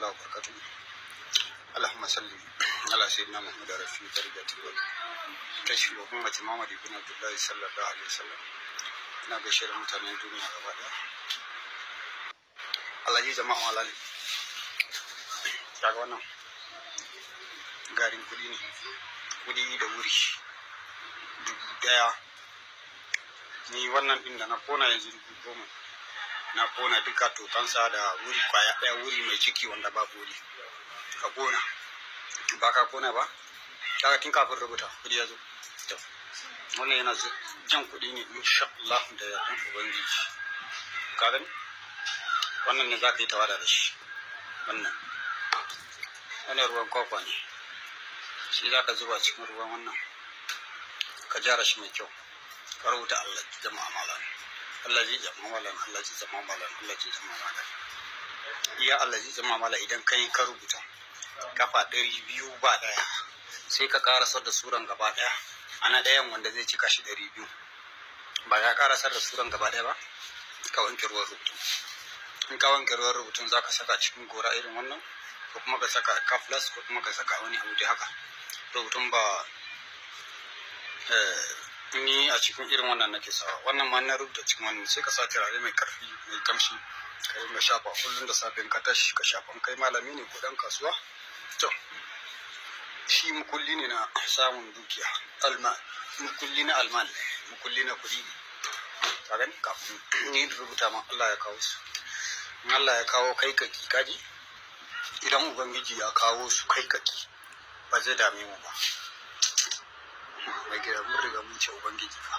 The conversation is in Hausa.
الله وبركاته اللهم صل على سيدنا محمد رفيع درجة كشف أمة محمد بن عبد الله صلى الله عليه وسلم da mutanen duniya gaba daya alhaji jama'a kudi ne kudi da wuri dubu daya ni wannan din da na kona yanzu dubu na kona duka tokansa da wuri kwaya ɗaya wuri mai ciki wanda ba wuri ka kona ba ka kona ba kaga tun kafin rubuta kuɗi ya zo wannan yana jan kuɗi ne insha Allah da yakin ubangiji ka gani wannan ne za ka yi tawada da shi wannan wannan ruwan kwakwa ne shi za ka zuba cikin ruwan wannan ka jara shi mai kyau ka rubuta Allah jama'a malam Allah ji jama malam Allah ji jama malam Allah ji jama malam iya Allah ji jama malam idan kai ka rubuta kafa ɗari biyu ba ɗaya sai ka karasar da suran gaba ɗaya ana ɗayan wanda zai cika shi ɗari biyu ba ka karasar da suran gaba ɗaya ba ka wanke ruwan rubutun in ka wanke ruwan rubutun za ka saka cikin gora irin wannan ko kuma ka saka kaflas ko kuma ka saka wani abu da haka rubutun ba eh, ni a cikin irin wannan nake sawa wannan ma na rubuta cikin wannan sai ka sa turare mai karfi mai kamshi ka ringa shafa kullum da safe ka tashi ka shafa kai malami ne ko dan kasuwa to shi mukulli ne na samun dukiya alman mukulli na alman ne mukulli na kuɗi ne ka gani kafin ni da rubuta ma Allah ya kawo su in Allah ya kawo kai ka ki kaji idan ubangiji ya kawo su kai ka ki ba zai dame mu ba mai gida mun riga mun ce ubangiji fa